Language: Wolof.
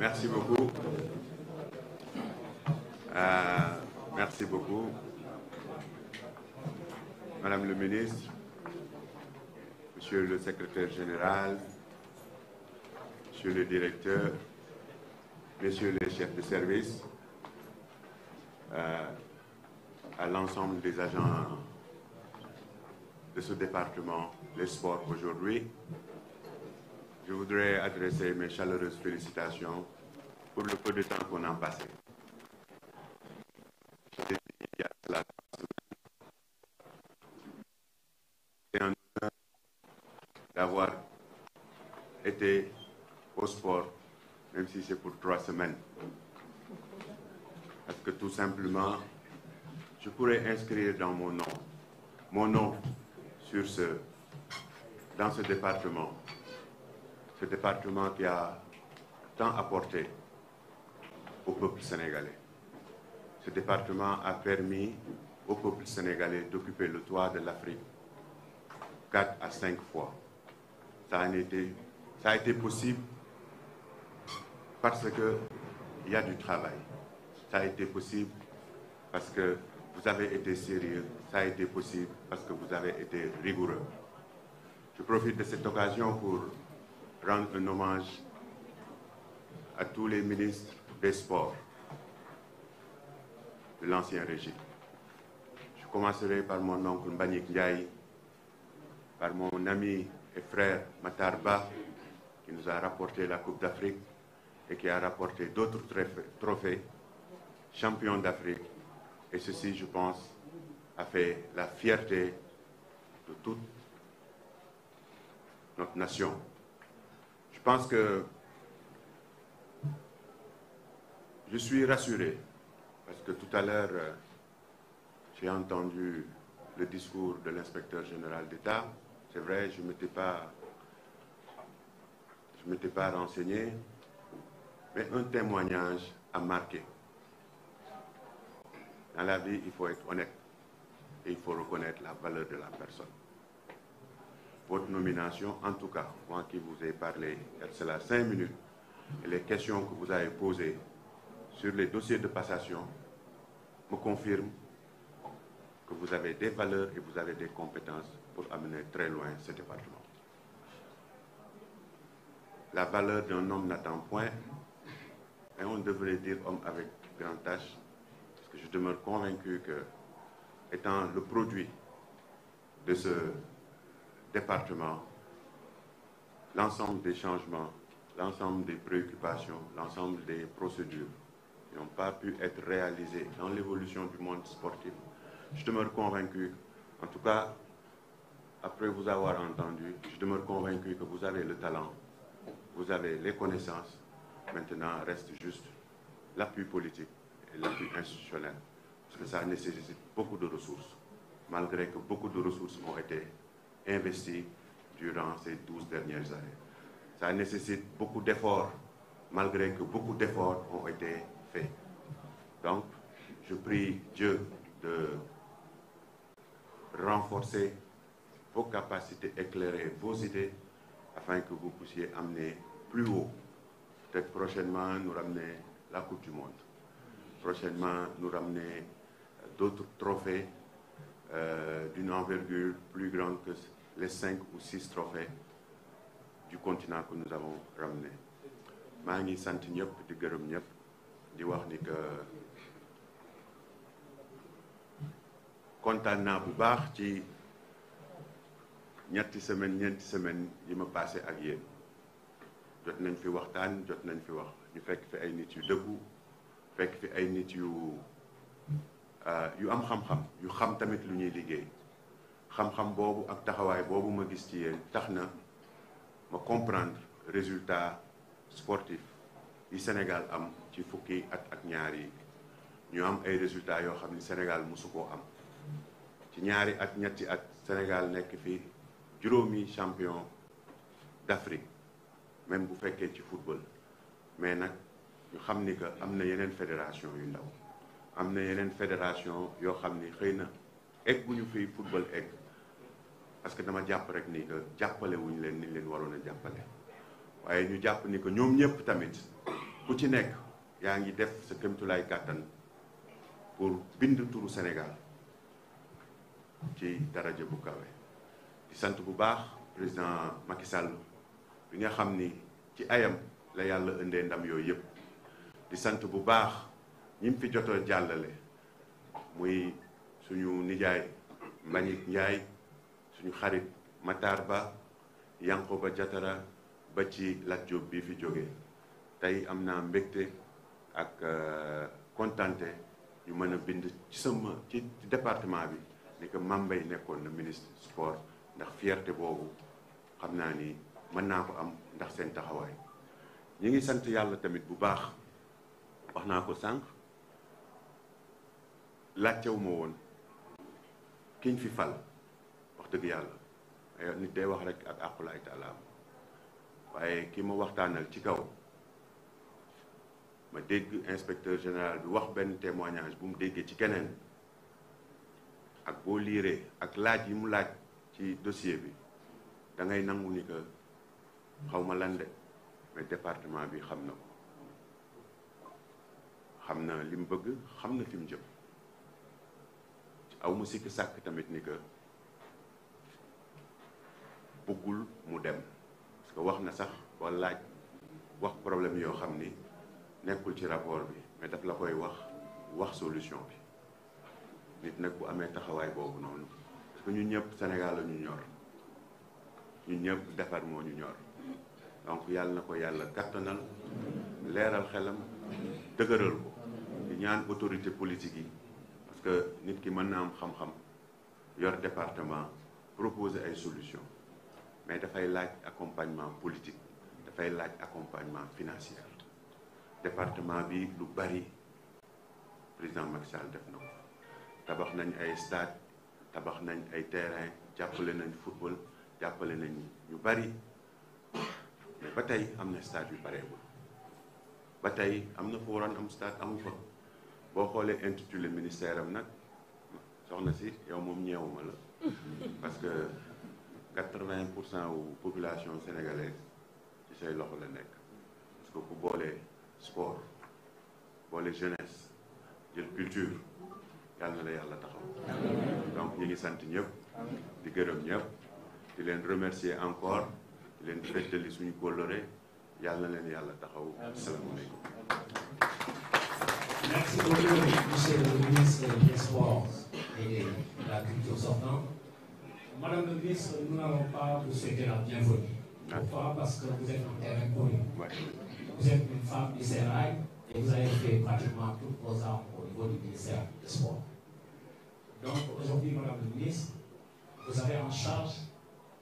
Merci beaucoup. Euh, merci beaucoup. Madame le ministre, Monsieur le secrétaire général, Monsieur le directeur, Messieurs les chefs de service, euh, à l'ensemble des agents de ce département, les sports aujourd'hui, je voudrais adresser mes chaleureuses félicitations pour le peu de temps qu'on a passé. C'est un honneur d'avoir été au même si c'est pour trois semaines. Parce que tout simplement, je pourrais inscrire dans mon nom sur ce, dans ce département, ce département qui a tant apporté au peuple sénégalais. Ce département a permis au peuple sénégalais d'occuper le toit de l'Afrique quatre à cinq fois. Ça a été, ça a été possible parce qu'il y a du travail. Ça a été possible parce que vous avez été sérieux. Ça a été possible parce que vous avez été rigoureux. Je profite de cette occasion pour rendre un hommage à tous les ministres des Sports de l'ancien régime. Je commencerai par mon oncle Mbagnick Ndiaye, par mon ami et frère Matar Ba, qui nous a rapporté la Coupe d'Afrique et qui a rapporté d'autres trophées, champion d'Afrique. Et ceci, je pense, a fait la fierté de toute notre nation. Je pense que je suis rassuré parce que tout à l'heure, euh, j'ai entendu le discours de l'inspecteur général d'État. C'est vrai, je ne m'étais pas, renseigné, mais un témoignage a marqué. Dans la vie, il faut être honnête et il faut reconnaître la valeur de la personne. votre nomination, en tout cas, moi qui vous ai parlé, cela cinq minutes, et les questions que vous avez posées sur les dossiers de passation me confirment que vous avez des valeurs et des compétences pour amener très loin ce département. La valeur d'un homme n'attend point, et on devrait dire homme avec grand H, parce que je demeure convaincu que, le produit de département, l'ensemble des changements, l'ensemble des préoccupations, l'ensemble des procédures n'ont pas pu être réalisées dans l'évolution du monde sportif. Je demeure convaincu, en tout cas, après vous avoir entendu, je demeure convaincu que vous avez le talent, vous avez les connaissances. Maintenant, reste juste l'appui politique et l'appui institutionnel, parce que ça nécessite beaucoup de ressources, malgré que beaucoup de ressources investis durant ces douze dernières années. Ça nécessite beaucoup d'efforts, malgré que beaucoup d'efforts ont été faits. Donc, je prie Dieu de renforcer vos capacités, éclairer vos idées, afin que vous puissiez amener plus haut. Peut-être prochainement, nous ramener la Coupe du Monde. Prochainement, nous ramener d'autres trophées euh, d'une envergure plus grande que les cinq ou six trophées du continent que nous avons maa ngi sant ñëpp di gërëm ñëpp di wax ni que kontaan naa bu baax ci ñetti semaine ñeenti semaine yi ma passé ak yéen jot nañ fi waxtaan jot nañ fi wax ñu fekk fi ay nit yu dëggu fekk fi ay nit yu Euh, yu am xam-xam yu xam tamit lu ñuy liggéey xam-xam boobu ak taxawaay boobu ma gis ci yéen tax na ma comprendre résultat sportif yi Sénégal am ci fukki at ak ñaar yi ñu am ay résultats yoo xam ni Sénégal mosu koo am ci ñaari at ñetti at Sénégal nekk fi juróomi champion d'Afrique même bu fekkee ci football mais nag ñu xam ni que am na yeneen fédération yu ndaw am na yeneen fédération yoo xam ni xëy na egg gu ñu fii football egg parce que dama jàpp rek ni que jàppale wuñ leen niñ leen waroon a jàppale waaye ñu jàpp ni que ñoom ñëpp tamit ku ci nekk yaa ngi def sa kémtulaay kàttan pour bind turu Sénégal ci daraja bu kawe di sant bu baax président Macky Sall bi nga xam ni ci ayam la yàlla indee ndam yooyu yëpp di sant bu baax ñi fi joto jàllale muy suñu nijaay Mbagnick njaay suñu xarit Matar Ba Yankoba Diatara ba ci Lat bi fi jóge tey am naa mbégte ak euh, kontante ñu mën a bind ci sama ci département bi ni que Mame nekkoon na ministre sport ndax fierté boobu xam naa ni mën naa ko am ndax seen taxawaay ñi ngi sant yàlla tamit bu baax wax naa ko sànq laajtewu ma woon kiñ fi fal wax dëgg yàlla nit day wax rek ak àqulaay taalaam waaye ki ma waxtaanal ci kaw ma dégg inspecteur général bi wax benn témoignage bu mu déggee ci keneen ak boo liiree ak laaj yi mu laaj ci dossier bi dangay nangu ni que xaw ma lande mais département bi xam na ko xam na li bëgg xam na fi mu jëm aw ma sikk sàkk tamit ni que bëggul mu dem parce que wax na sax wala laaj wax problème yoo xam ni nekkul ci rapport bi mais daf la koy wax wax solution bi nit nag bu amee taxawaay boobu noonu parce que ñun ñëpp Sénégal la ñu ñor ñu ñëpp defar moo ñu ñor donc yàlla na ko yàlla kattanal leeral xelam dëgëral ko di ñaan autorité politique yi parce que nit ki mën na am xam yor département proposer ay solution mais dafay laaj accompagnement politique dafay laaj accompagnement financier département bi lu bari président Macky Sall def na ko tabax nañ ay stade tabax nañ ay terrain jàppale nañ football jàppale nañ ñu bari mais ba tey am na stade yu pareewul ba tey am na fu waroon am stade amu fa boo xoolee intitulé ministère am nag soxna si yow moom ñeewuma la parce que quatre-vingt pour cent wu population sénégalaise ci say loxo la nekk parce que ku boolee sport boole jeunesse jël culture yàlla na la yàlla taxaw donc ñu ngi sant ñëpp di gërëm ñëpp di leen remercier encore di leen fettali suñu kóllëre yàlla na leen yàlla taxaw asalaamaaleykum Merci beaucoup, monsieur le ministre des Sports et de la culture sortant. Madame le ministre, nous n'allons pas vous souhaiter la bienvenue. Pourquoi Parce que vous êtes un terrain connu. Vous êtes une femme du Sérail et vous avez fait pratiquement toutes vos armes au niveau du ministère des Sports. Donc aujourd'hui, Madame le ministre, vous avez en charge